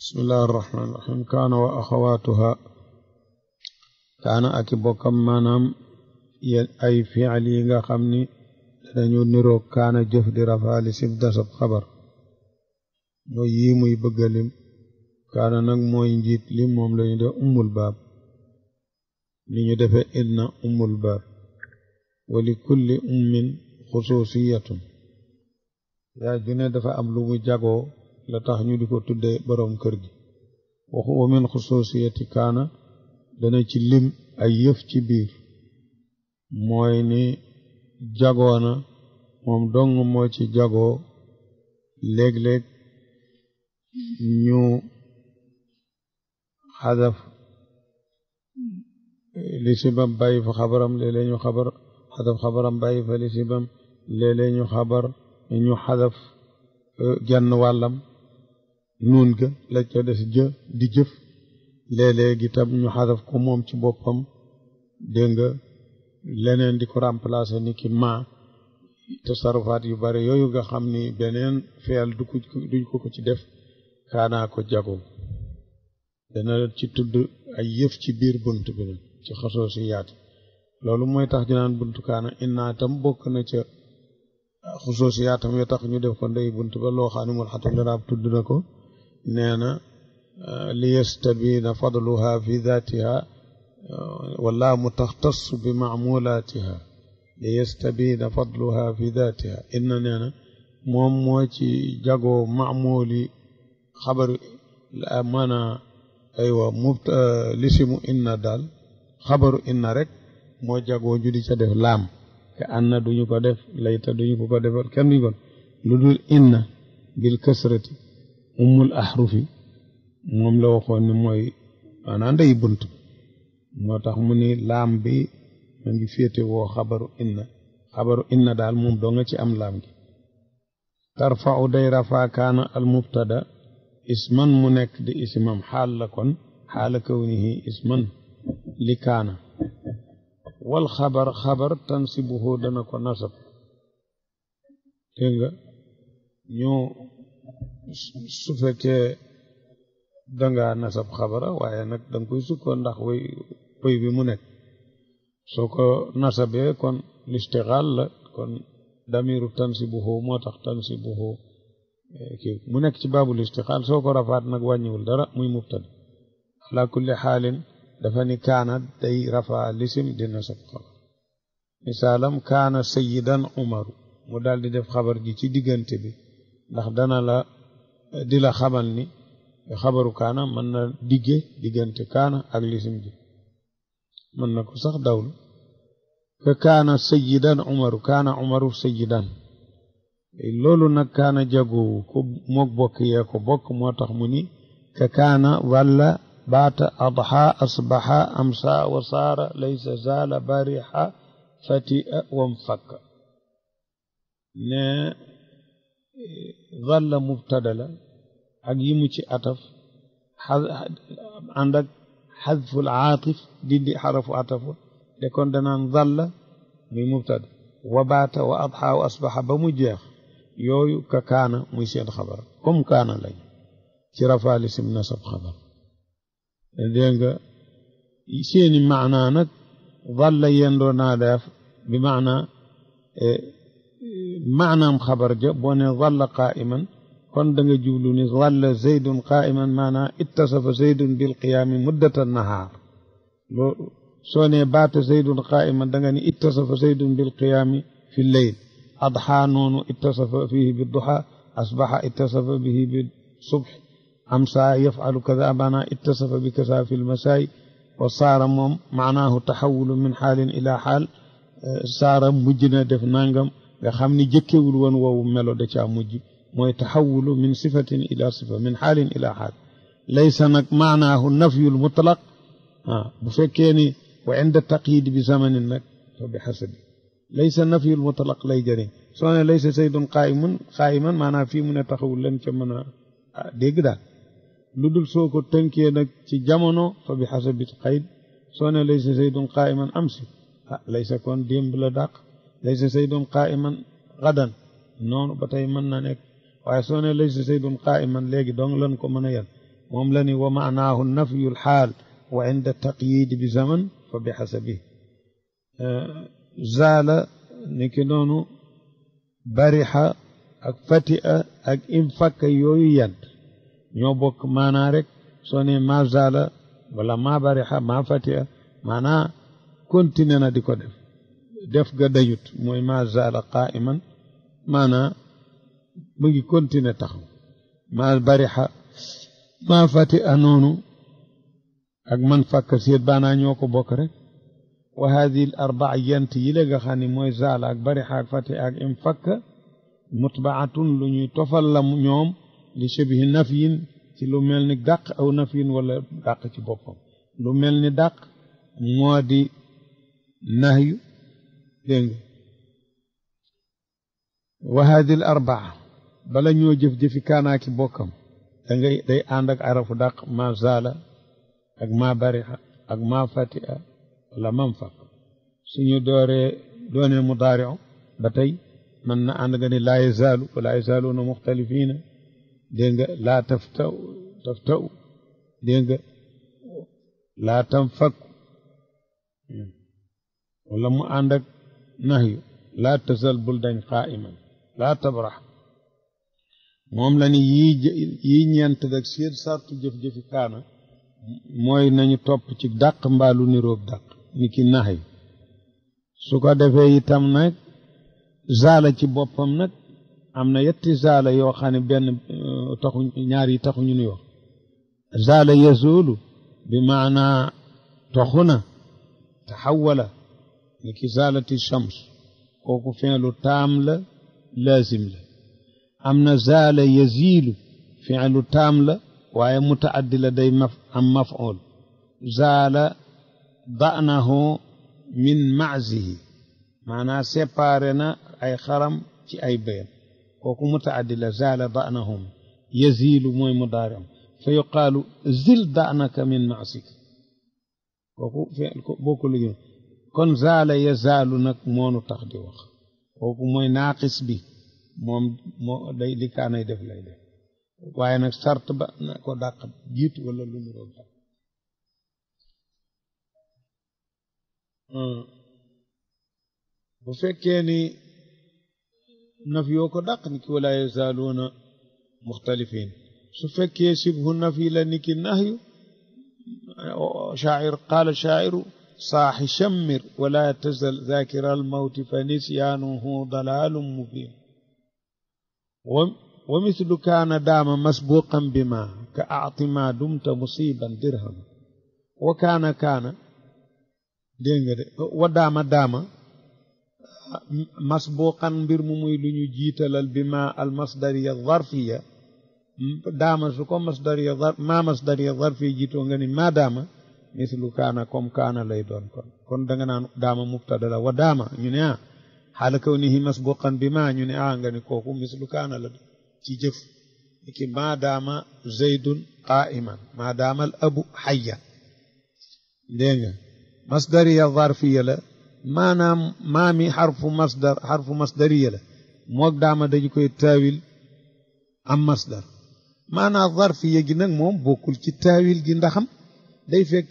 بسم الله الرحمن الرحيم كان وأخواتها كان أكي بوكم مانام أي فعلي غا خمني dañu niroog kaana jëf di rafaali sif dasab xabar mooy yii muy bëggalim kaana nag mooy njiit li moom lañu def ummul baab li ñu defee inna ummul baab wa li kulli ummin xususiyatun yaa ju ne dafa am lu mu jagoo la tax ñu di ko tudde boroom kër gi waxu wa min xususiyati kaana dana ci lim ay yëf ci biir mooy ni jagoona moom dong moo ci jagoo léeg-léeg ñu xadaf lisibam bàyyi fa xabaram léeg ñu xabar xadaf xabaram bàyyi fa lisibam léeg ñu xabar ñu xadaf euh, genn wàllam nuun ga la ko des jë di jëf léeg-léeg itam ñu xaraf ko moom ci boppam dégg nga leneen di ko remplacer ni ki ma tasarufaat yu bare yooyu nga xam ni beneen feel du ko duñ ko ko ci def kaanaa ko jago dana ci tudd ay yëf ci biir bunt bi nag ci xasoo si yaat loolu mooy tax ñu naan buntu kaana innaa tam bokk na ca xasoo si yaatam yoo tax ñu def ko ndey bunt ba loo xaanimul xatal daraab tudd na ko nee na ah, li yastabina fadluha fi daatiha ah, wala mu taxtas bi maamulaatiha li yastabina fadluha fi daatiha inna nee moom moo ci jagoo maamuli xabar ah, maanaa aywa mubt lisimu inna daal xabaru inna rek moo jagoo ju di ca def laam te anna ko def layta duñu ko ko defal kenn duñu ko inna bil kasrati ummul ahrufi moom la waxoon ne mooy maanaam ndey bunt moo tax mu ni laam bi ma ngi féete woo xabaru inna xabaru inna daal moom doo nga ci am laam gi tarfau day rafaa kaana al isman mu nekk di ismam xaal la kon xaala kawnihi isman li kaana wal xabar xabar tansibuhu dana ko nasab dégg ñoo su fekkee dangaa nasab xabara waaye nag da nga koy sukkoo ndax way pëy bi mu nekk soo ko nasabee kon listixaal la kon damiru tansibuhu moo tax tansibuhu kii mu nekk ci baabu listixaal soo ko rafaat nag wàññiwul dara muy mubtada ala kulli xaalin dafa ni kaana day rafaa lisim di nasab xabar misaalam kaana sayidan umaru mu daal di def xabar ji ci diggante bi ndax dana la di la xamal ni xabaru kaana mën na digge diggante kaana ak lisim ji mën na ko sax dawlu ka kaana sayyidan umaru kaana umaru sayyidan loolu nag kaana jagoowu ko mook bokk yee ko bokk moo tax mu ni ka kaana walla baata adxa asbaxa amsa wa saara laysa barixa fati'a wam fakk nee zalla mubtada la ak yi mu ci ataf a ànd ak xadful aatif dindi xarafu atafu de kon danaan zalla muy mubtada wa baata wa adxa wa asbaxa ba mu jeex yooyu ka kaana muy seen xabar comme kaana lañ ci rafaali sim nasab xabar dégg nga seeni maanaa nag zalla yendoo naa def bi maanaa eh, maanaam xabar ja boo ne zalla qaa'iman kon da nga jublu ni zalla zaydun qaa'iman maanaam ittasafa zaydun bil qiyaami muddata nahaar loo soo ne baata zaydun qaa'iman da nga ni ittasafa zaydun bil qiyaami fi leyl adxaa noonu ittasafa fihi bi duxaa asbaxa ittasafa bihi bi subx amsaa yafcalu kaza maanaam ittasafa bi kaza fi lmasaay wa saara moom maanaahu taxawulu min xaalin ilaa xaal saara mujj na def nangam خامني جكيول وان وو ملو دا موجي موي تحول من صفة إلى صفة من حال إلى حال ليس معناه النفي المطلق ها بفكيني وعند التقييد بزمن النك فبحسب ليس النفي المطلق لا يجري سواء ليس سيد قائم قائما معناه في من تحول لن كمنا ديغدا لودل سوكو تنكي نك سي جامونو فبحسب التقييد سواء ليس سيد قائما امسي ليس كون ديم بلا داق ليس سيدهم قائما غدا نون باتاي من نا نيك واي سوني ليس سيدهم قائما لغي دون لن كو مانا يال موم لاني ومعناه النفي الحال وعند التقييد بزمن فبحسبه آه زال نيكي نونو برح اك فتئ اك انفك يوي يد ньо бок мана рек соне мазала wala ma bariha ma fatia mana continue na diko def def ga dayut mooy ma zaala qaaiman maanaa mu ngi continuer taxaw ma barixa ma fati a noonu ak man fàkk séet baanaa ñoo ko bokk rek wa hadi l arbaa yent yi la nga mooy zaala ak barixa ak fati ak im fakk mutbaatun lu ñuy tofal la ñoom li shabihi nafyin ci lu mel ni dàq aw nafyin wala dàq ci boppam lu mel ni dàq moo nahyu dégg wahaadil arbaa bala ñoo jëf-jëfi kaanaaki bokkam da ngay day ànd ak arafu dàq ma zaala ak ma bariha ak ma fatia wala man faq suñu dooree doonee mudaariu ba tey mën na ànd nga ni laa yazaalu wala yazaaluuna muxtalifiina dégg nga laa taftaw taftaw dégg nga laa tanfak wala mu ànd ak nahyu laa tasal bul dañ qaaiman laa tabrax moom la ni yii ñeent rek seen sartu jëf-jëfi kaana mooy nañu topp ci dàq mbaalu niroog dàq ni ki nahyu su ko defee itam nag zaala ci boppam nag am na yetti zaala yoo xam ne benn euh, taxu ñaar yi taxu ñu nu wax zaala yazulu bi maanaa toxu na taxawala لكزالة الشمس وكفين تام لا لازم لا أم زال يزيل فعل تام لا وهي متعدد لدي مف... أم مفعول زال ضأنه من معزه معنى سيبارنا أي خرم في أي بين كوكو متعدلة زال ضأنهم يزيل موي مدارهم فيقال زل ضأنك من معزك وكو فعل بوكو kon zaala yazaalu nag moonu tax di wax kooku mooy naaqis bi moom moo day li kaanay def lay def waaye nag sart ba na ko dàq jiitu wala lu ñu roog dàq bu fekkee ni naf yoo ko dàq ni ki wala yazaaluuna muxtalifin su fekkee sibhu nafi la ni ki nahyu shaacir qaala shaaciru صاح شمر ولا تزل ذاكر الموت فنسيانه ضلال مبين ومثل كان داما مسبوقا بما كأعط ما دمت مصيبا درهم وكان كان وداما داما آه، مسبوقا برمومي لنجيت بما المصدرية الظرفية داما شكو مصدرية ما مصدرية الظرفية جيتو ما داما mislu kaana comme kaana lay kon kon naan daama mubtada wa daama ñu ne ah xaala kawnihi masbuqan bi ma ñu ne ah nga ni kooku mislu kaana la ci jëf ki maa daama zaydun qaa'iman ma daama al abu xayyan dégg nga masdariya zarfiya la maanaam maami xarfu masdar masdariya la moog daama dañu koy taawil am masdar maanaam zarfiya gi nag moom bokkul ci taawil gi ndaxam day fekk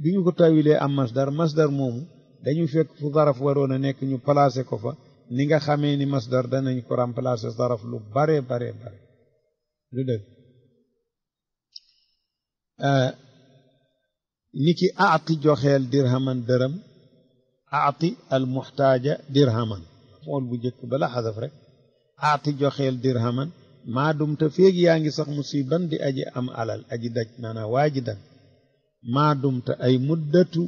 bi ñu ko tawilee am masdar masdar moomu dañu fekk fu zaraf waroon a nekk ñu placé ko fa ni nga xamee ni masdar danañ ko remplacer zaraf lu bare bare bare lu dëgg euh, ni ki aati joxeel dirhaman dërëm aati al muxtaaja dirhaman mool bu njëkk bala xasaf rek aati joxeel dirhaman maa dum te yaa ngi sax musiban di aji am alal aji daj maanaam waaji dan maa dumta ay muddatu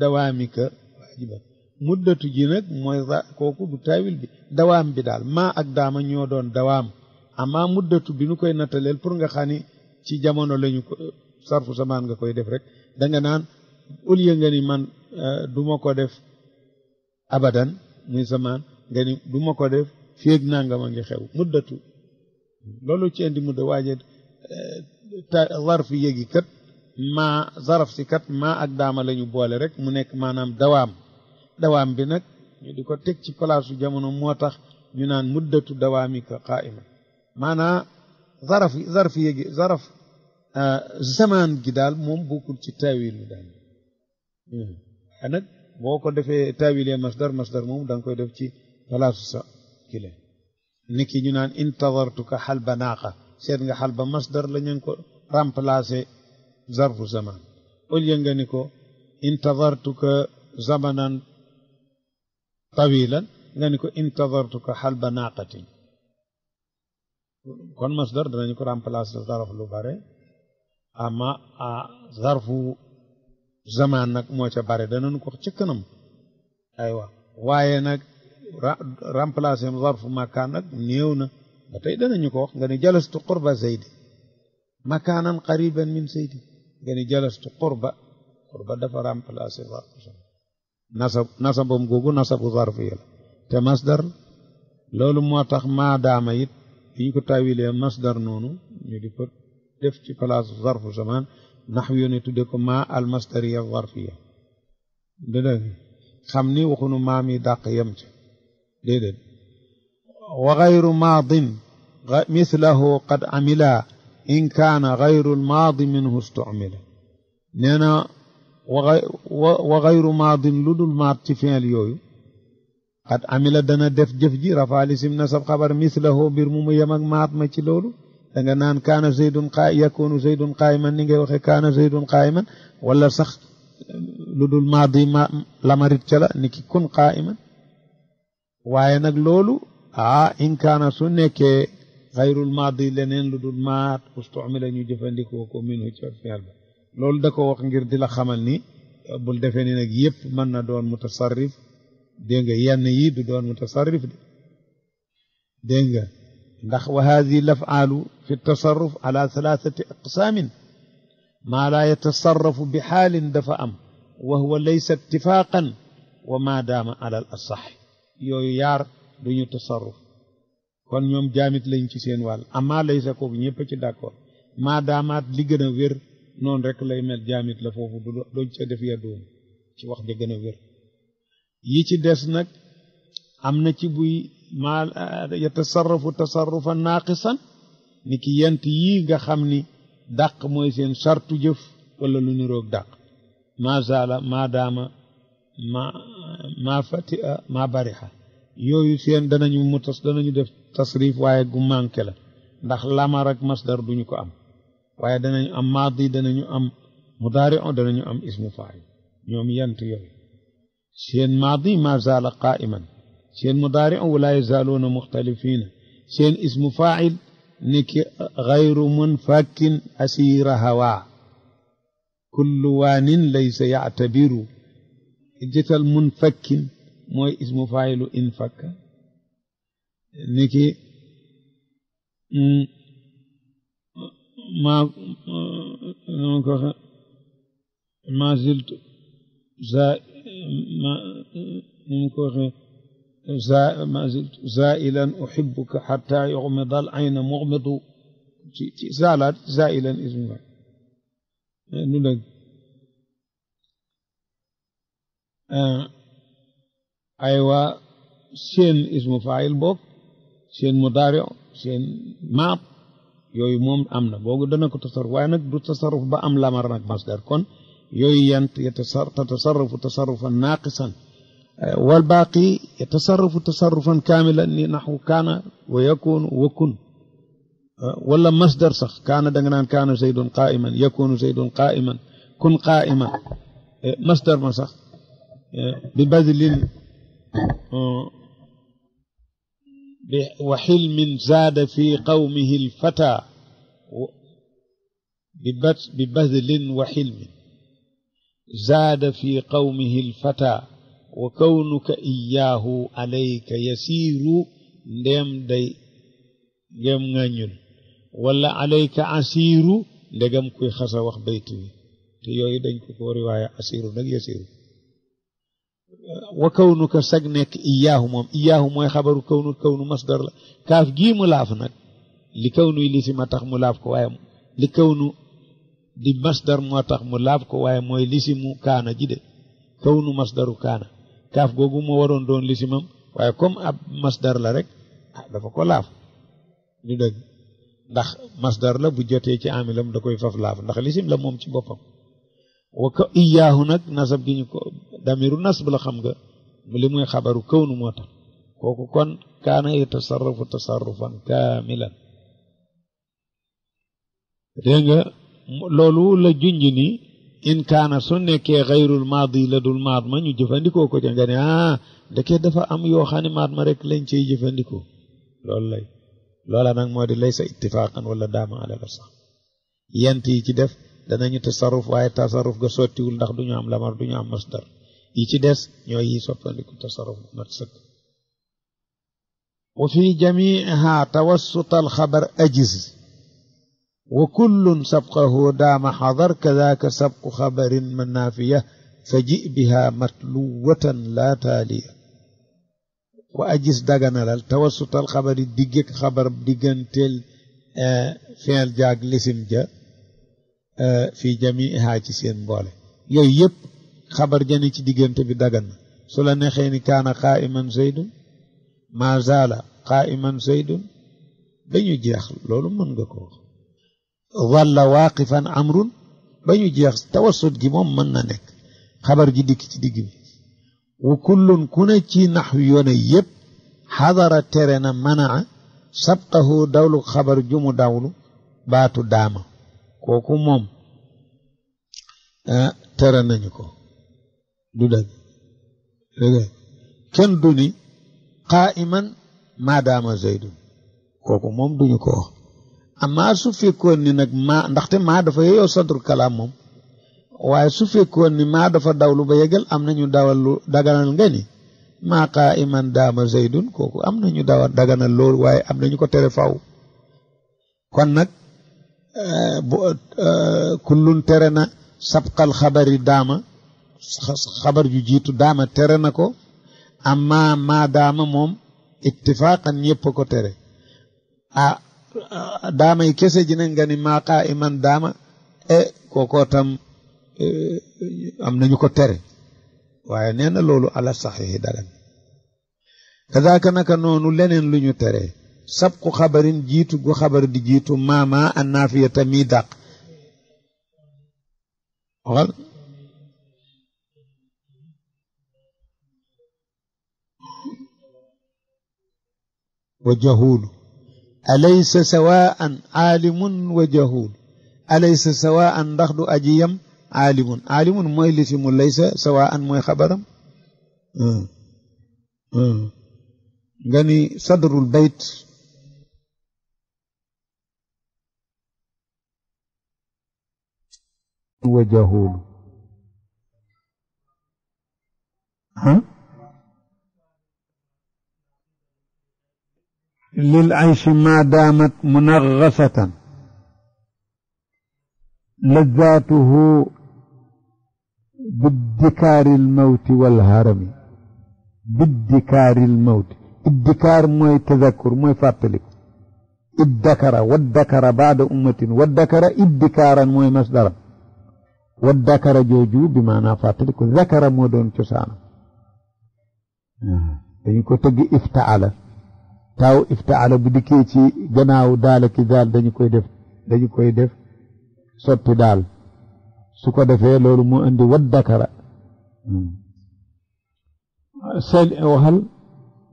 dawaamika waajiban muddatu ji nag mooy kooku du taawil bi dawaam bi daal maa ak daama ñoo doon dawaam amaa muddatu bi nu koy nattaleel pour nga xam ni ci jamono lañu ko sarfu samaan nga koy def rek danga naan au lieu nga ni man euh, du ma ko def abadan muy samaan nga ni du ko def féeg nanga ma ngi xew muddatu loolu ci indi mudda waaje euh, zarf yéegi kat maa zaraf si kat maa ak daama ñu boole rek mu nekk maanaam dawaam dawaam bi nag ñu di ko teg ci palaasu jamono moo tax ñu naan muddatu dawaamika qaa'ima maanaa zaraf zaraf zaraf euh, zamaan gi daal moom bokkul ci taawil mi daal hmm. boo ko defee taawilee masdar masdar moom da koy def ci palaasu sa kile niki ñu naan intadartuka xalba naaqa seet nga xalba masdar la ñu ko remplacé ظرف زمان قل ينغنكو انتظرتك زمنا طويلا غنكو انتظرتك حلب ناقة كون مصدر دنانيكو بلاس ظرف لو باري اما ظرف زمان نك موتا باري دنانكو تشكنم ايوا waaye nag remplacé m zarfu makaan nag néew na ba tey danañu ko wax nga ne مكانا قريبا من makaanan nga ni jalastu qurba qurba dafa remplacer verbe nasab nasabam googu nasabu zarfiya la te masdar loolu moo tax maadaama it biñ ko tawilee masdar noonu ñu di ko def ci place zarfu zaman nax yoone tudde ko ma al masdariya zarfiya dëgg xam ni waxunu maam yi dàq yem ca wa gayru maadin qad amila إن كان غير الماض منه استعمل نانا وغير ماض لدل ماض تفعل يوي قد عمل دنا دف جف جي رفع لسم نسب خبر مثله برموم يمك ماض ما ci loolu da nga naan kaana zaydun qaa yakunu zaydun qaayiman ni ngay waxe kaana zaydun qaayiman wala sax lu dul maadi ma lamarit ca la ni ki kun qaayiman waaye nag loolu ah in kaana su nekkee xayrul maadi leneen lu dul maat ustumila ñu jëfandikoo ko minhu ci fi'l ba loolu da ko wax ngir di la xamal ni euh, bul defee ni nag yëpp mën na doon mutasarrif dégg nga yenn yi du doon mutasarrif de dégg nga ndax wa haadihi l afaalu fi tasarruf ala thalathati aqsaamin maa laa yatasarrafu bi xaalin dafa am wa huwa laysa ittifaaqan wa maa daama ala al asax yooyu yaar duñu tasarruf kon ñoom jaamit lañ ci seen wàll amaa lay sa kooku ñëpp ci d'accord maa daamaat li gën a wér noonu rek lay mel jaamit la foofu du doñ ca def yaddoom ci wax ja gën a wér yi ci des nag am na ci buy maa euh, yatasarrafu tasarrufa naaqisan ni ki yent yii nga xam ni dàq mooy seen sartu jëf wala lu niroog dàq maa zaala maa daama maa maa fati a maa barixa yooyu seen danañu mutas danañu def tasrif waaye gu manqué la ndax lamar ak masdar duñu ko am waaye danañ am maadi danañu am mudaari danañu am ismu faay ñoom yant yooyu seen maadi ma zaala qaa'iman seen mudaari wala yazaaluuna muxtalifiina seen ismu faa'il niki gayru munfakin asiira hawaa kullu waanin laysa yactabiru jital munfakin mooy ismu faa'ilu infakka neki ما ما زلت ما زلت زائلا أحبك حتى يغمض العين مغمض زالت زائلا اسم الله نلقى آه، أيوة سين اسم فاعل بوك seen mudaari seen maab yooyu moom am na boobu dana ko tasarruf waaye nag du tasarruf ba am lamar nag masdar kon yooyu yant yatasar tatasarrafu tasarrufan naaqisan wal baaqi yatasarrafu tasarrufan kaamilan ni naxu kaana wa yakunu wa kun wala masdar sax kaana da nga naan kaana zaydun qaa'iman yakunu zaydun qaa'iman kun qaa'iman masdar ma sax bi bazlin وحلم زاد في قومه الفتى ببذل وحلم زاد في قومه الفتى وكونك إياه عليك يسير لم دي جم غنيل ولا عليك عسير لجم كي خسر وخ بيتي تيوي دنك كوري وعي عسير نجي يسير wa ko sag nekk iyaahu moom iyaahu mooy xabaru kaw kaw kawnu masdar la kaaf gii mu laaf nag li kawnu yi li si ma tax mu laaf ko waaye li kawnu di masdar moo tax mu laaf ko waaye mooy li mu kaana ji de nu masdaru kaana kaaf googu moo waroon doon li si mam waaye comme ab masdar la rek ah dafa ko laaf du dëgg ndax masdar la bu jotee ci amilam da koy faf laaf ndax lisim la moom ci boppam wa ko iyaahu nag nasab gi ñu ko damiru nasb la xam nga mu li muy xabaru kawnu moo tax kooku kon kaana yatasarrafu tasarrufan kaamilan dégg nga loolu la junj ni in kaana su nekkee xayrul maadi la dul maad ma ñu jëfandikoo ko ca nga ne ah ndeke dafa am yoo xam ne maad ma rek lañ cey jëfandikoo loolu lay loola nag moo di laysa ittifaqan wala daama alal sax yent yi ci def danañu tasarruf waaye tasarruf ga sottiwul ndax duñu am lamar duñu am masdar yi ci des ñooy yi soppandiku tasarruf mat sëkk wa fi jamiiha tawassut alxabar ajiz wa kullun sabqahu daama xadar kadaaka sabqu xabarin manaafiya fa ji biha matluwatan la taaliya ku ajis daganalal tawassutal xabari digg xabar digganteel eh, fiil jaag lisim ja Euh, fii jamiiha ci seen mboole yooyu yëpp xabar jani ci diggante bi dagan na su la nexee ni kaana qaaiman zaydun maa zaala qaaiman zaydun ba ñu jeex loolu mën nga ko wax walla waaqifan amrun ba ñu jeex tawasut gi moom mën na nekk xabar ji dikk ci digg bi wa kullun ku ne ci naxwi yoone yëpp xadara tere na manaa sabqahu dawlu xabar jumu dawlu baatu daama kooku moom ah tere nañu ko du dëgg dëgg kenn du ni zaydun kooku moom duñu ko wax amma su fekkoon ni nag maa ndaxte maa dafa yeyoo sadru kalaam moom waaye su fekkoon ni maa dafa dawlu ba yegal am nañu dawal lu daganal nga ni maa qaa'iman daama zaydun kooku am ñu dawal daganal loolu waaye am nañu ko tere faw kon nag bu kullun tere na sabqal xabari daama xabar ju jiitu daama tere na ko amma maa daama moom ittifaqan ñëpp ko tere ah yi kese ji na nga ni maa qaa iman daama e tam am nañu ko tere waaye nee na loolu ala saxiixi dagan kadaaka naka noonu leneen lu tere sabqu xabarin jiitu gu xabar di jiitu maama annaafiyata mii dàq waxal wa jahuulu alaysa sawaan aalimun wa jahuulu alaysa sawaan ndax du aji yam aalimun aalimun mooy lisimu laysa sawaan mooy xabaram nga ni sadrul bayt وجهول ها؟ للعيش ما دامت منغصة لذاته بادكار الموت والهرم بادكار الموت ادكار ما يتذكر ما يفاتلك ادكر وادكر بعد أمة وادكر ادكارا ما مصدرا wa dakara jooju bi maanaa fàttaliku zakara moo doon cosaanam dañu ko tëgg iftaala taaw iftaala bu dikkee ci gannaaw daala ki daal dañu koy def dañu koy def sotti daal su ko defee loolu moo indi wa dakara seen waxal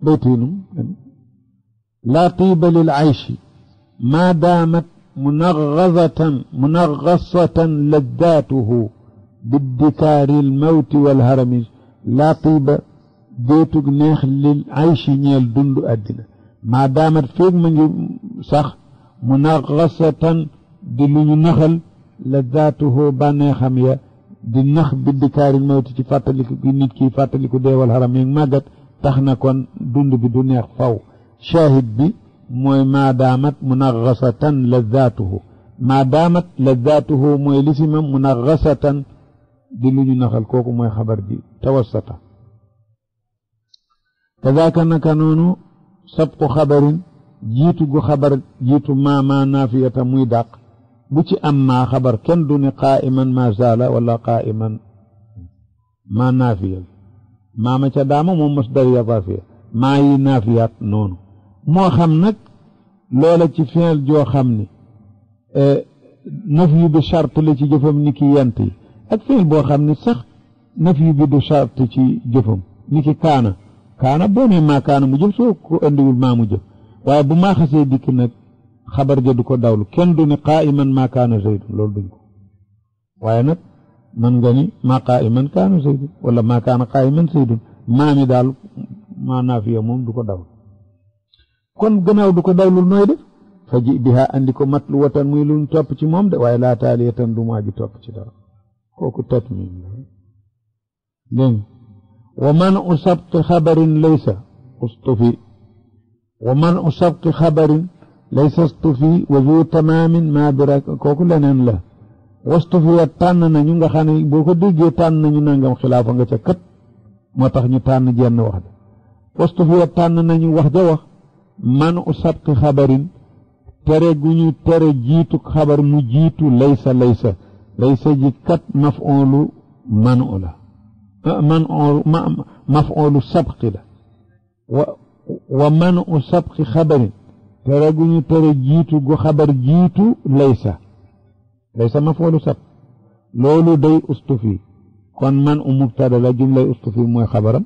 baytinum laa tiiba lil ayshi maa daamat منغظة منغصة لذاته بالدثار الموت والهرم لا طيب ديتك نيخ للعيش نيل دندو أدنى ما دامت فيك من صح منغصة دلو نخل لذاته بانيخم يا دي نخ بالدثار الموت تفاتلك بنيت كيفاتلك دي والهرم ينمغت تخنا كون دندو بدنيا فاو شاهد بي ما دامت منغصة لذاته ما دامت لذاته موي لسم منغصة دلني نخل كوكو موي خبر دي توسطة كذاك نكنون سبق خبر جيتو خبر جيتو ما ما نافية موي داق بوتي أما خبر كن دون قائما ما زال ولا قائما ما نافية ما متدام مصدر يضافية ما ينافيات نونو moo xam nag loola ci fiil joo xam ni e, naf yu bu charte la ci jëfam ni ki yant yi ak fiil boo xam ni sax naf yu bi du ci jëfam ni ki kaana kaana boo nee maa kaana mu jëf soo ko andiwul maa mu jëf waaye bu maa xasee dikk nag xabar ja du ko dawlu kenn du ne qaa iman maa kaana zaydun loolu duñ ko waaye nag mën nga ni maa qaa iman kaana zaydun wala maa kaana qaa iman zaydun maa mi daal maa naafiya moom du ko dawlu kon gannaaw du ko daylul nooy def faji biha andi ko matlu watan muy luñ topp ci moom de waaye laa taaliyatan du maa ji topp ci dara kooku tatmim la dégg wa man u sabti xabarin laysa ustufi wa man u sabti xabarin laysa ustufi wa zu tamaamin maa bira kooku leneen la wastufi wa tànn nañu nga xam ne boo ko déggee tànn nañu nangam xilaafa nga ca kat moo tax ñu tànn jenn wax de wastufi wa tànn nañu wax ja wax منع سبق خبر tere gu ñu tere jiitu xabar mu jiitu laysa laysa laysa ji kat mafoolu manu la manu mafoolu sabqi la wa wa manu sabqi xabarin tere gu ñu tere jiitu gu xabar jiitu laysa laysa mafoolu sabq loolu day ustufi kon man u mubtada la jumlay ustufi mooy xabaram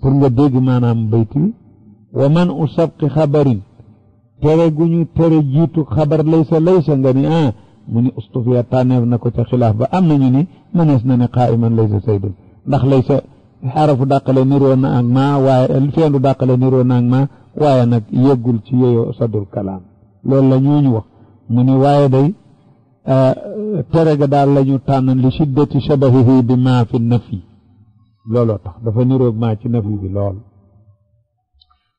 pour nga dégg maanaam bayti wa man u sabqi xabarin tere gu ñu tere jiitu xabar laysa laysa nga ni ah mu ni ustufiya tànneef na ko ca xilaaf ba am nañu ni mënees na ne man laysa saydun ndax laysa xarafu dàqale niroo na ak ma waaye feendu dàqale niroo na ak ma waaye nag yëggul ci sa sadul kalaam loolu la ñooñu wax mu ni waaye day ah, tere ga daal la ñu tànn li shiddati shabahihi bi maa fi nafi looloo tax dafa niroog maa ci nafi bi lool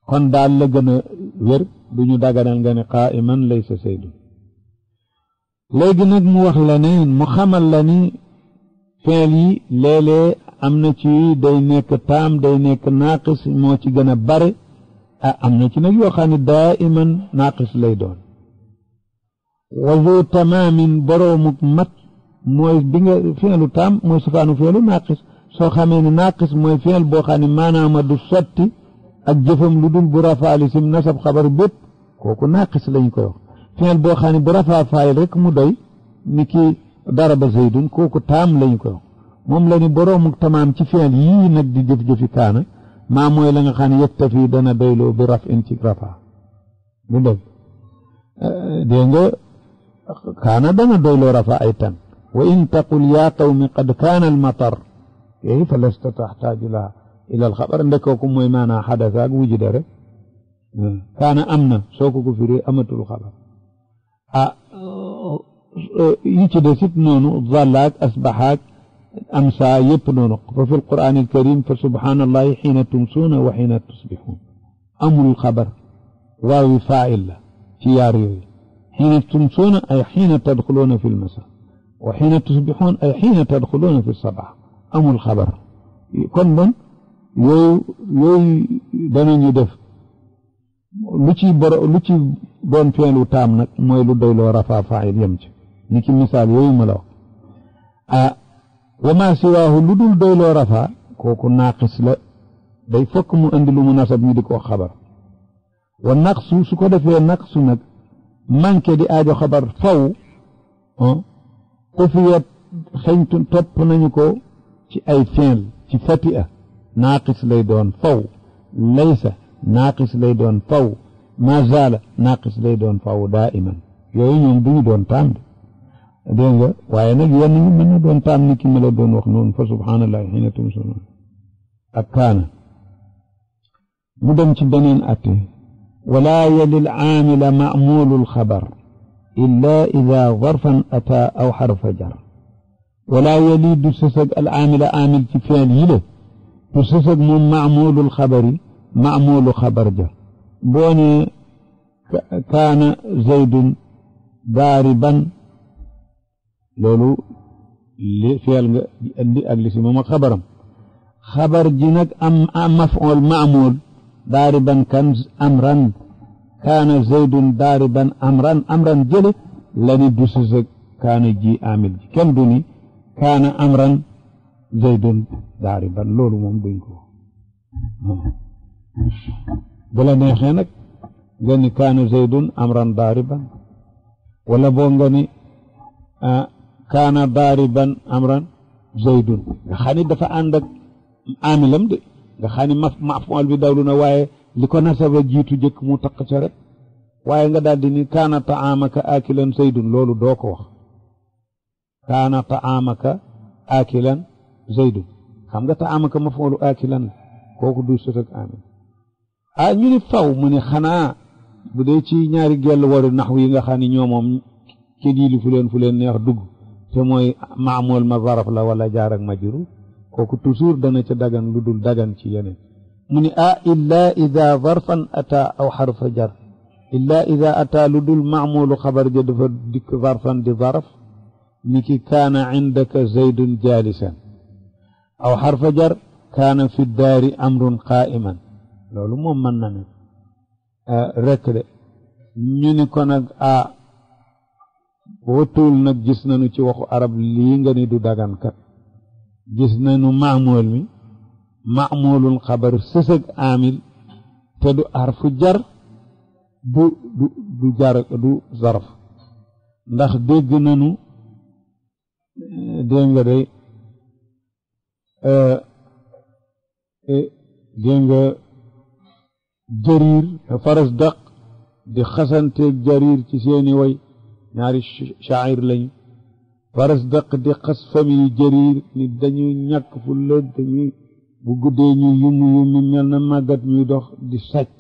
kon daal la gën a ñu daganal nga ne qaa'iman laysa saydun léegi nag mu wax la ne mu xamal la ni yi léeg-léeg am na ci day nekk taam day nekk naaqis moo ci gën a bare ah, am na ci nag yoo xam ne daa iman naaqis lay doon wazu tamaamin boroomuk mat mooy bi nga fiilu taam mooy safaanu fiilu naaqis soo xamee ne naaqis mooy fiil boo xam ne maanaama du sotti الجفم لدن برافا لسم نسب خبر بيت كوكو ناقص لين كو فين البوخاني برافا فايل رك مدوي نكي ضرب زيدون كوكو تام لين كو موم لاني بروم تمام تي فين يي نك دي جف جفي كان ما موي لاغا خاني يكتفي دنا بيلو برف ان تي برافا مدوي دينغو كان دنا بيلو رفا ايتن وان تقول يا قوم قد كان المطر يعني فلست تحتاج لها إلى الخبر عندك وكم ويمانا حدثا وجدره كان أمنا سوكو كفري أمة الخبر يجد ست نونو ظلات أصبحت أمسا يبنون وفي القرآن الكريم فسبحان الله حين تمسون وحين تصبحون أمر الخبر واو فاعل تياري حين تمسون أي حين تدخلون في المساء وحين تصبحون أي حين تدخلون في الصباح أمر الخبر كن yooyu yooyu danañu def lu ci boro lu ci doon feelu taam nag mooy lu doy loo rafaa faayil yem ci ni ki misaal yooyu ma la wax ah wa maa siwaahu lu dul doy rafaa kooku naaqis la day fokk mu andi lu mu nasab ñu di ko xabar wa naqsu su ko defee naqsu nag manqué di aajo xabar faw xufiyat ah, xeñtu topp nañu ko ci ay fiil ci fatiha ناقص ليدون فو ليس ناقص ليدون فو ما زال ناقص ليدون فو دائما يوين يندي دون تام دينغا واينا يوين ني من دون تام ني كيما دون وخ فسبحان الله حين تمسون اكان مدم سي بنين اتي ولا يد العامل مأمول الخبر إلا إذا ظرفا أتى أو حرف جر ولا يلي دسسك العامل عامل في فعل تسسد من معمول الخبر معمول خبر جا بوني كان زيد ضاربا لولو اللي في اللي اللي في خبرا خبر جنك أم مفعول معمول ضاربا كان أمرا كان زيد ضاربا أمرا أمرا جلي لني بسسك كان جي عامل جي كم دوني كان أمرا زيد daari ban loolu moom duñ ko bu la neexee nag nga ni kaana zaydun amran daariban wala boo nga ni kaana daariban amran zaydun nga xam dafa ànd ak amilam de nga xam ni ma bi dawlu na waaye li ko nasaba jiitu jëkk mu taq ca rek waaye nga daal di kaana taamaka akilan zaydun loolu doo ko wax kaana taamaka akilan zaydun xam nga taamaka mafoolu aakilan kooku du sët ak amin ah ñu ni faw mu ne xanaa bu dee ci ñaari gell waru nax yi nga xam ne ñoo moom kediili fu leen fu leen neex dugg te mooy maamul ma zaraf la wala jaar ak majuru kooku toujours dana ci dagan lu dul dagan ci yene mu ni a illaa ida zarfan ata aw xarfa jar illaa ida ata lu dul maamulu xabar ja dikk zarfan di zaraf ni ki kaana indaka zaydun jaalisan aw xarfa jar kaana fi daari amrun qaa'iman loolu moom mën na nekk ah, rek de ñu ni ko nag a ah, wëttuwul nag gis nañu ci waxu arab lii nga ni du dagankat gis nañu maamool mi maamoolul xabar sësëg aamil te du arfu jar du du jar du zarf ndax dégg nañu eh, dégg nga day dégg nga jariir faras daq di xasanteeg jariir ci seeni way ñaari shaayir lañu faras daq di xas famille jariir ni dañuy ñàkk fu la dañuy bu guddee ñu yum yummi mel na màggat ñuy dox di sàcc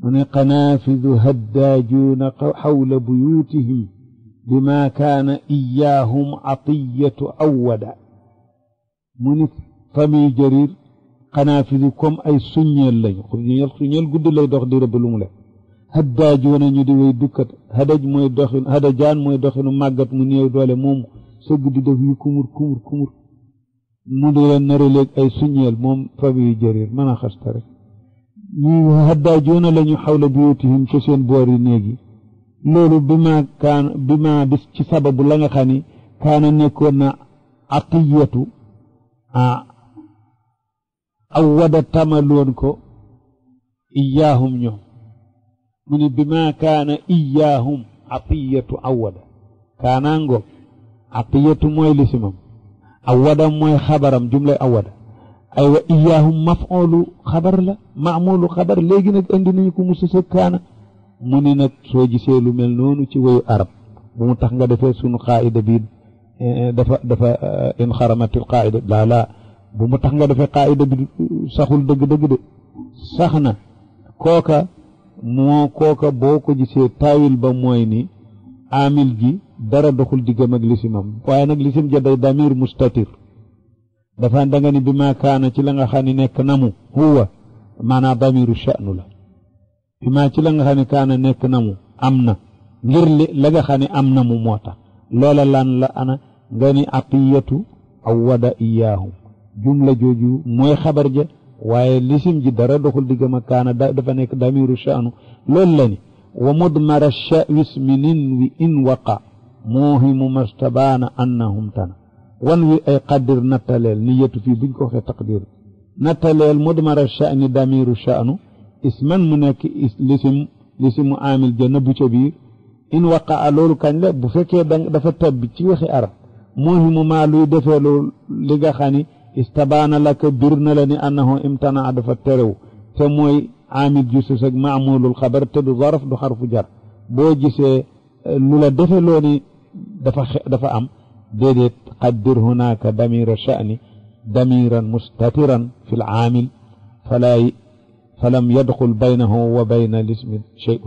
mu ne qanaafidu haddaajuuna xawla buyuutihim bima kaana iyaahum atiyatu awwada mu ni famille xanaa fi yi comme ay suññeel lañu suññeel guddi lay dox di rëbb lu mu lekk haddaaj wane ñu di way dukkat hadaj mooy doxin hadajaan mooy doxinu màggat mu néew doole moomu sëgg di def yu kumur kumur kumur mu di leen nara ay suññeel moom famille jarir mën a xasta rek ñuy haddaaj wane la ñu xawla biyutihim ci seen boori néeg yi loolu bi ma kaan bi ma bis ci sababu la nga xam kaana nekkoon na atiyatu Ah. awwada tamaloon ko iyaahum ñoom mu ni bi maa kaana iyaahum atiyatu awwada kaanaa ngoog atiyatu mooy lisimam awwada mooy xabaram jumlay awwada aywa iyaahum mafoolu xabar la maamoolu xabar léegi nag andi nañu ko mu sësëg kaana mu ni nag soo gisee lu mel noonu ci wayu arab bu mu tax nga defee sunu xaayida bii Eh, eh, dafa dafa eh, in xaramatil qaida laa laa bu mu tax nga defee qaida bi saxul dëgg-dëgg de sax na kooka moo kooka boo ko gisee taawil ba mooy ni amil gi dara doxul diggam ak lisimam waaye nag lisim ja day damir mustatir dafa da nga ni bi maa kaana ci la nga xam ne nekk namu huwa maanaam damiru sha'nu la bi maa ci la nga xam kaana nekk namu am na ngir li la nga xam ne am namu moo tax loola lan la ana nga ni aqiyatu aw wada iyaahu jumla jooju mooy xabar ja waaye lisim ji dara doxul diggam ak kaana dafa nekk damiru sha'nu loolu la ni wa mudmara sha'wis minin wi in waqa moohimu mastabaana annahum tana wan wi ay qaddir nattaleel ni yetu fii buñ ko waxee taqdir nattaleel mudmara sha'ni damiru sha'nu isman mu nekk lisim lisimu aamil ja na bu ca biir in waqa a loolu kañ la bu fekkee dafa tabbi ci waxi ara مهم ما لوي دفلو لغا خاني استبان لك برنا لني أنه امتنع دفترو تموي عامل جسسك معمول الخبر تدو ظرف دو حرف جر بو جسي آه، لولا دفلوني دفا, دفا أم ديدت قدر هناك ضمير شأن ضميرا مستترا في العامل فلا فلم يدخل بينه وبين الاسم شيء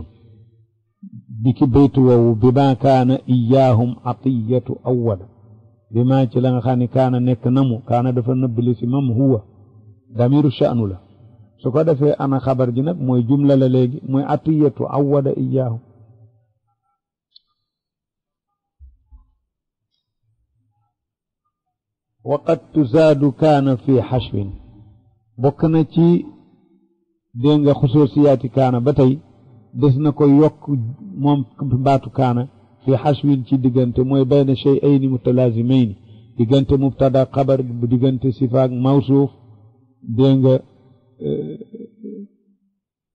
بيت وبما كان إياهم عطية أولا bima ci la nga xam ne kaana nekk na mu kaana dafa nëbb li si mam huwa damiru sha'nu la su ko defee ana xabar ji nag mooy jumla la léegi mooy atiyatu awada iyaahu wa qad tuzaadu kaana fi xashwin bokk na ci dégg nga xusuusiyaati kaana ba tey des na ko yokk moom baatu kaana fi xaswin ci diggante mooy bayna chey ay ni mutalazimayni diggante mubtada xabar diggante sifaak mawsuuf dégg nga euh,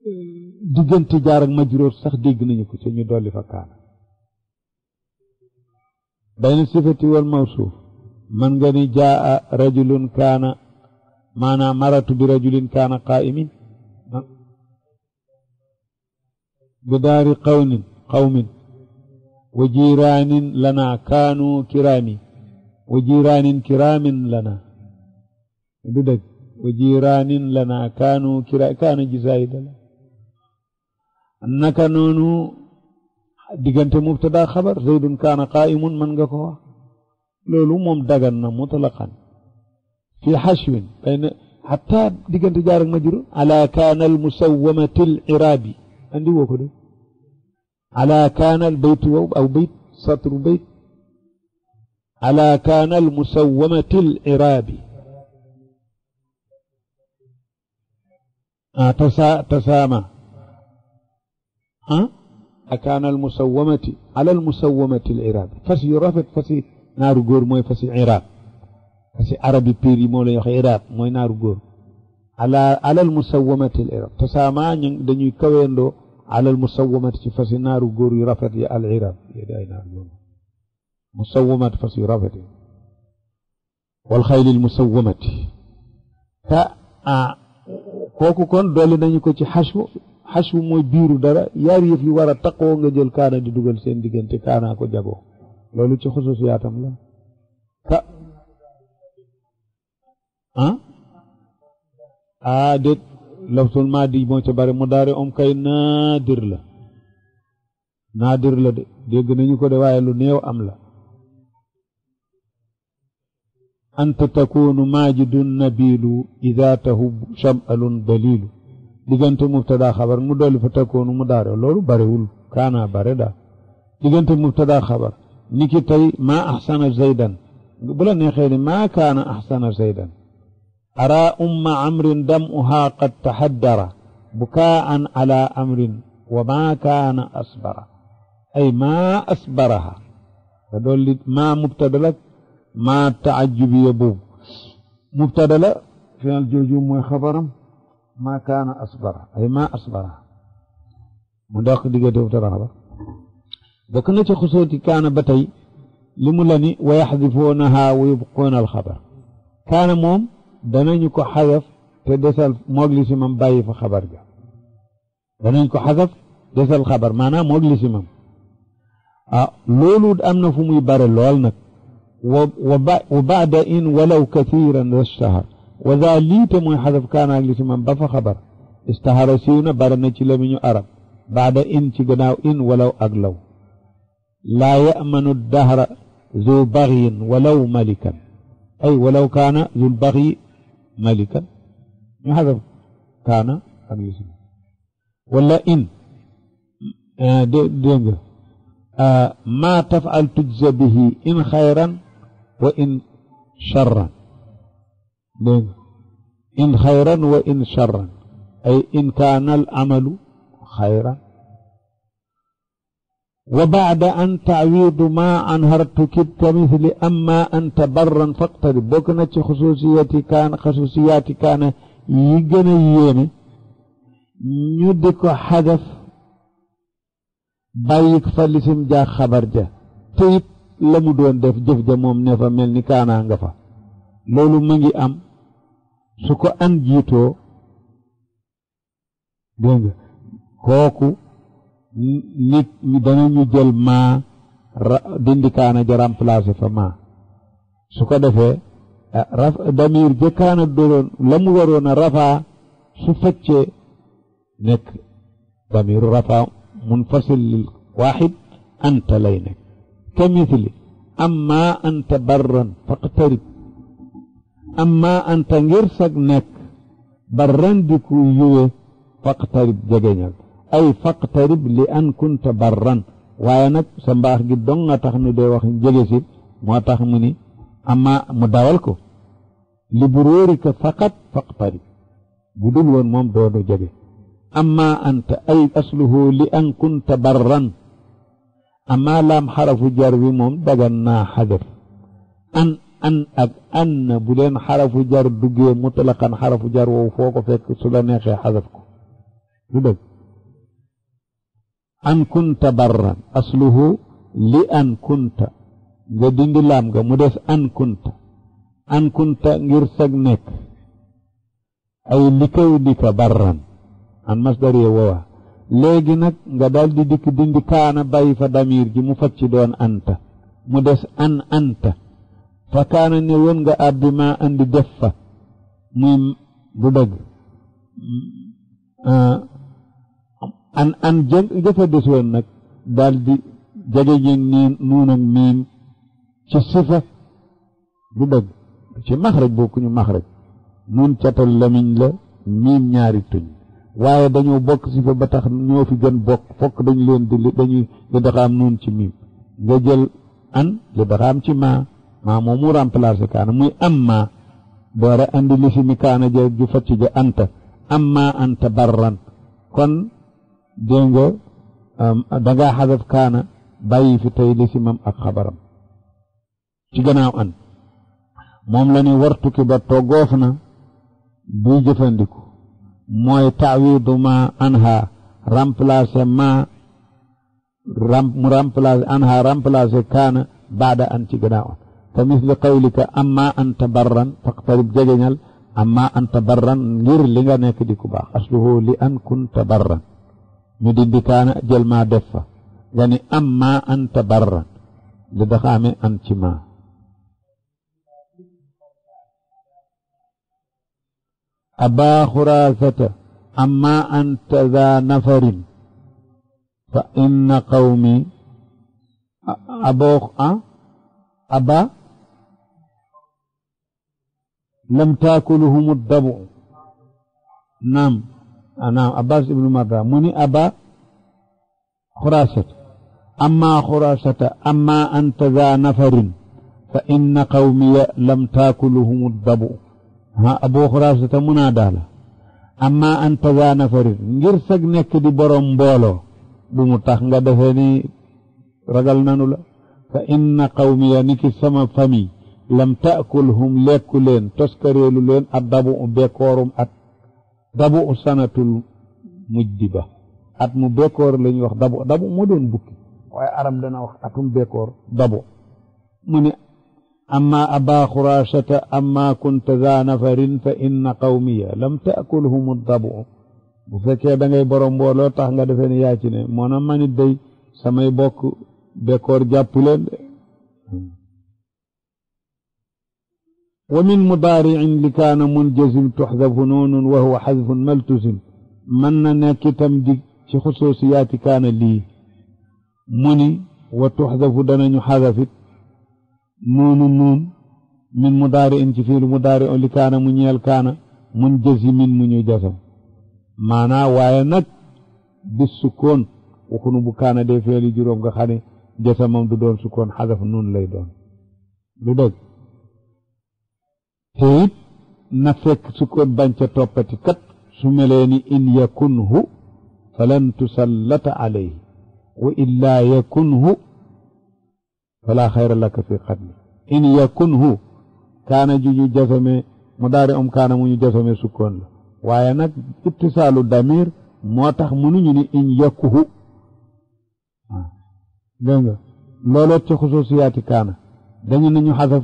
euh, diggante jaar ak majruur sax dégg nañu ko ci ñu dolli fa kaana bayna sifati wal mawsuuf man nga ni jaa rajulun kaana maanaam maratu bi rajulin kaana qaa'imin bidaari qawmin qawmin وجيران لنا كانوا كرامي وجيران كرام لنا بدك وجيران لنا كانوا كرا كانوا جزايد أنك نونو دقنت مبتدا خبر زيد كان قائم من قكوا لولو ممدقنا مطلقا في حشو بين حتى دقنت جار مجرور على كان المسومة العرابي عندي وكذا على كان البيت أو بيت سطر بيت على كان المسومة الإرابي آه، تسا تسامى ها أه؟ كان المسومة على المسومة الإرابي فسي يرافق فسي نار غور موي فسي عراب فسي عربي بيري مولا يخي عراب موي نار غور على على المسومة العراب تسامى دانيو كويندو على المسومة فسي نار غوري رفت يا العرب يداي نار مسومة فسي رفت والخيل المسومة تا آه، كوكو كون دولي نانيو كو تي حشو حشو موي بيرو دارا ياري في ورا تقو nga jël kana di duggal sen digënté kana ko jabo lolu ci xusus yaatam la ta han ah det لفظ المادي موي تبار مدار ام كاي نادر لا نادر لا ديغ نانيو كو دي واي لو نيو انت تكون ماجد النبيل اذا تهب شمال بليل ديغنت مبتدا خبر مو فتكون مدار لولو بري ول كانا بري دا ديغنت مبتدا خبر نيكي ما احسن زيدان بلا نخيري ما كان احسن زيدان أرى أم عمرو دمها قد تحدر بكاء على أمر وما كان أصبر أي ما أصبرها فدول ما مبتدلك ما تعجب يبو مبتدل في الجوجوم وخبرم ما كان أصبر أي ما أصبرها مداق ديغتو تبارا بكنت تخصوتي كان بتي لملني ويحذفونها ويبقون الخبر كان موم danañu ko xasaf te desal moog lisimam bàyyi fa xabar ga danañ ko xasaf desal xabar maanaam moog lisimam ah loolu am na fu muy bare lool nag وبعد إن ولو كثيرا لاشتهر وذا ليت من حذف كان أجلس من بف خبر اشتهر سيونا برنا من أرب بعد إن تجناو إن ولو أغلو لا يأمن الدهر ذو بغي ولو ملكا أي ولو كان ذو البغي ملكا هذا كان الاسم ولا إن آه، دي آه، ما تفعل تجزى به إن خيرا وإن شرا إن خيرا وإن شرا أي إن كان العمل خيرا وبعد أن تعويض ما أنهرتك كمثل أما أنت برا فاقترب بوكنا خصوصياتي كان خصوصياتي كان يجنا ييني نيدك حذف بايك فلسم جا خبر جا تيب لم دون دف جف جا موم نفا ملني كان أنغفا لولو منجي أم سكو أنجيتو دنجا كوكو nit ñi danañu jël ma dindi ja remplacer fa ma su ko defee raf damir ja kaana doon la mu waroon a rafaa su fecce nekk damiru rafaa munfasil lil waaxid anta lay nekk ka misli amma anta barran faqtarib amma anta ngir sag nekk barran di ku yuwe faqtarib jegeñal ay faqtarib li an kunta barran waye nak sa mbax gi dong na tax ni day wax jege ci moo tax mu ni ama mu dawal ko li bururika faqat faqtarib bu dul mom do do jege amma anta ay asluhu li an kunta barran amma lam xarafu jar wi moom dagan na an an ak an bu leen xarafu jar duggee mutlaqan xarafu jar wo foko fek su la nexe hadaf ko du deug an kunta barran asluhu li an kunta nga dindi laam nga mu des an kunta an kunta ngir sag nekk ay li kaw barran an masdar ya wowa léegi nag nga daal dikk dindi kaana bàyyi fa damir ji mu faj ci doon anta mu des an anta fa kaana ne woon nga àbbi maa andi def fa muy bu dëgg ah. an an jëfa des nag daldi di jege ñeeg niin nuun ak miim ci sifa du dëgg ci maxraj bokkuñu maxraj nuun catal lamiñ la miim ñaari tuñ waaye dañoo bokk sifa ba tax ñoo fi gën bokk fokk dañu leen di li dañuy li daxaam nuun ci miim nga jël an li daxaam ci maa maa moom mu remplacé kaana muy am maa doora andi li si mi kaana ja ju facc ja anta am maa anta barran kon dégg nga da ngaa xadaf kaana bàyyi fi tey lisimam ak xabaram ci gannaaw an moom la ni wartuki ba toggoof na buy jëfandiku mooy taawidu ma anha remplacer ma mu remplacer anha remplacer kaana baada an ci gannaaw an fa misli qawlika amma anta barran faqtarib jegeñal amma anta barran ngir li nga nekk di ku baax asluhu li an kunta barran ñu dindi kaana jël maa def fa nga ni am maa anta barra di dafa amee an ci maa أبا خرافة أما أنت ذا نفر فإن قومي أبوخ أبا لم تاكلهم الضبع نعم naam Abbas ibnu Marra mu ni aba anta za nafarin fa inna qawmiya lam taakuluhum dabu abu xuraasata mun daala amma anta za nafarin ngir sag nekk di borom mbooloo bu mu tax nga defee ni ragal nanu la fa inna qawmiya ni ki sama famille lam taakulhum lekku leen toskareelu leen addabu bekoorum at dabu sanatul mujdiba at mu bekkoor la ñuy wax dabu dabu moo doon bukki waaye aram dana wax atum bekkoor dabu mu ne amma aba xurasata amma kunta nafarin fa inna qawmiya lam takulhum dabu bu fekkee da ngay borom mbooloo tax nga defee ne yaa ci ne moo na manit day samay bokk bekkoor jàpp leen ومن مضارع لكان منجزم تحذف نون وهو حذف ملتزم من ناكتم دي في خصوصيات كان لي مني وتحذف دنا حذفت نون نون من مضارع تفيل مضارع لكان منيال كان منجزم من جزم معنى وينك بالسكون وكنو بكان دي فعل جروم غخاني جسمم دون سكون حذف نون لي دون دو te it na fekk su bañ ca toppati kat su melee ni in yakunhu falan tusallata alayhi wa illaa yakunhu falaa xayra laka fi xadmi in yakunhu kaana juju jasame mu daari om kaana mu ñu jasame sukkoon la waaye nag ittisaalu damir moo tax mënuñu ni in yakkuhu dégg nga looloo ci xususiyaati kaana dañu nañu xasaf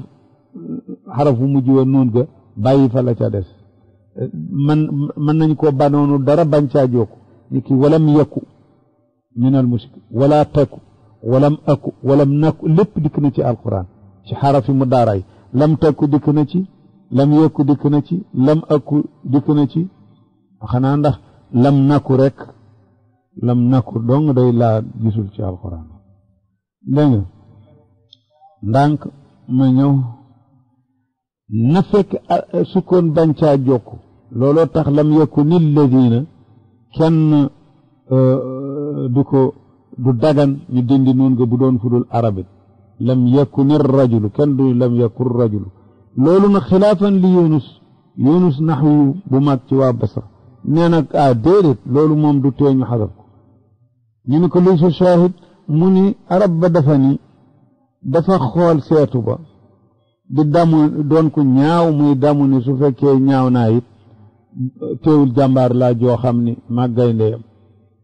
xarafu mujj wa noon ga bàyyi fa la ca des man nañ ko banoonu dara bañ caa jokk ni ki walam yakku min al musik wala takku walam akku walam nakku lépp dikk na ci alquran ci xarafi mu daaray lam takku dikk na ci lam yakku dikk na ci lam akku dikk na ci xanaa ndax lam nakku rek lam nakku dong day laa gisul ci alquran dégg nga ndànk ma na fekk sukkoon bañ caa jokk looloo tax lam yakun lilladina kenn euh, euh, du ko du dagan ñu dindi noon nga bu doon fudul arabit lam yakun irrajulu kenn du lam yakun rajulu loolu na xilaafan li yunus yunus naxwi bu mag ci waa basra nee nag ah loolu moom du teeñu xasab ko ñu ni ko luy sa shahid mu ni arab ba dafa dafa xool seetu ba di damu doon ku ñaaw muy damu ni su fekkee ñaaw naa it teewul jàmbaar laa joo xam ni màggay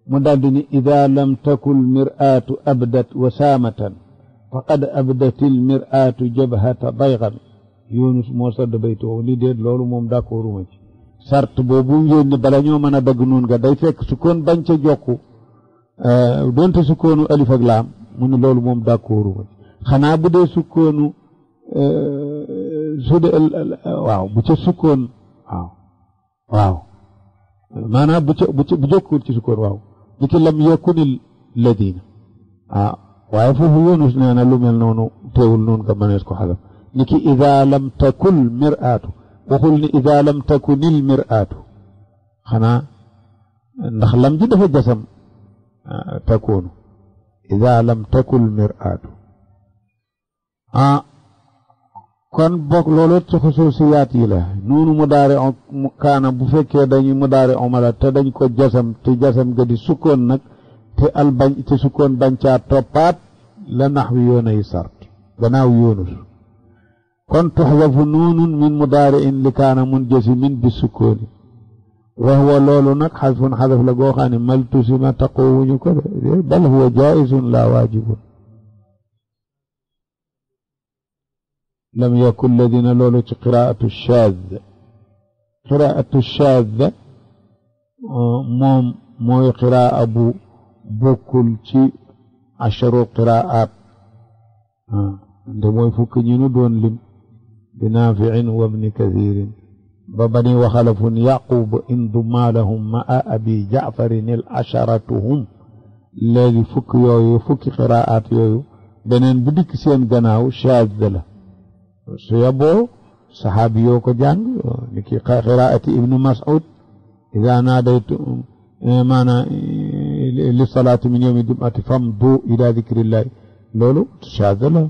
mu daldi ni ida lam takul miraatu abdat wasaamatan faqad abdatil miraatu jabhata baygan yunus moo sadd baytu woowu ni déet loolu moom d'accorduma ci sart boobu ngeen ni bala ñoo mën a dagg nuun ga day fekk sukkoon bañ ca jokku euh, donte sukkoonu alif ak laam mu loolu moom d'accorduma ci xanaa bu dee sukkoonu su dee waaw bu ca sukkoon waaw waaw maanaam bu ca bu ca bu jokkoon ci sukkoon waaw ni ki lam yakunil ladina ah waaye foofu yoonus nee na lu mel noonu teewul noonu nga mënees ko xalam ni ki ida lam takul miraatu waxul ni ida lam takunil miraatu xanaa ndax lam ji dafa jasam takoonu ida lam takul miraatu ah kon bokk loolu ci xusuusiyaat yi la noonu mu daari on kaana bu fekkee dañuy mu daari omala te dañ ko jasam ti jasam ga di sukkoon nag te al bañ sukkoon bañ caa toppaat la nax wi yoona yi sart gannaaw yoonul kon tuxdafu nuunun min mudaari in li kaana mun jësi min bi sukkooni wa huwa loolu nag xasfun xadaf la goo xam na mal tusima taqoowuñu ko de bal huwa jaaizun laa waajibun لم يكن لدينا لولت قراءة الشاذ قراءة الشاذ آه، موم موي قراءة بو بوكلتي عشر قراءات آه، عندما يفك دون لم بنافع وابن كثير ببني وخلف يعقوب إن انضما لهم مع أبي جعفر العشرة هم léegi fukk يو fukki قراءات يو beneen بدك سين seen شاذ له سيبو صحابيو كجان لكي قراءة ابن مسعود إذا ناديت مانا للصلاة من يوم الجمعة فامضوا إلى ذكر الله لولو تشاذله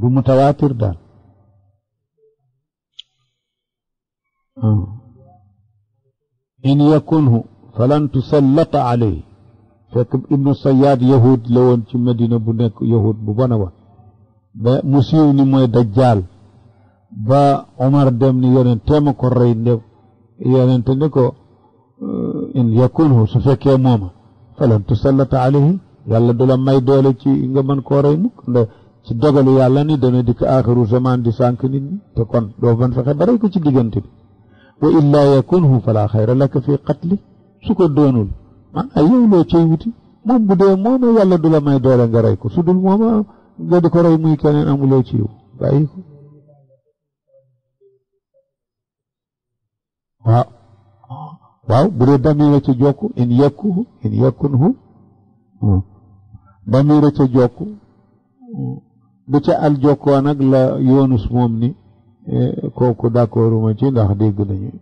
بمتواتر دار آه. إن يكنه فلن تسلط عليه فكب ابن الصياد يهود لو أنت مدينة بنك يهود ببنوة ba mu siiw ni mooy dajjaal ba Omar dem ni yonente ma ko rey ndew yonente ni ko euh, in yakunhu su fekkee mooma falan tusallata alayhi yàlla du la may doole ci nga mën koo rey mukk nda ci dogalu yàlla ni dana dikk aaxiru zaman di sànq nit ñi te kon doo mën fexe ba rey ko ci diggante bi wa illaa yakunhu fala xayra laka fi qatli su ko doonul man ay yow loo wuti moom bu dee mooma yàlla du la may doole nga rey ko su dul mooma যদি করে মুইখানে আমুলো চিও তাই waaw bu dee damira ca jokk in yakkuhu in yakkunhu damira ca jokk bu ca al jokkoo nag la yoonus moom ni e, kooku d'accorduma ci ndax dégg nañu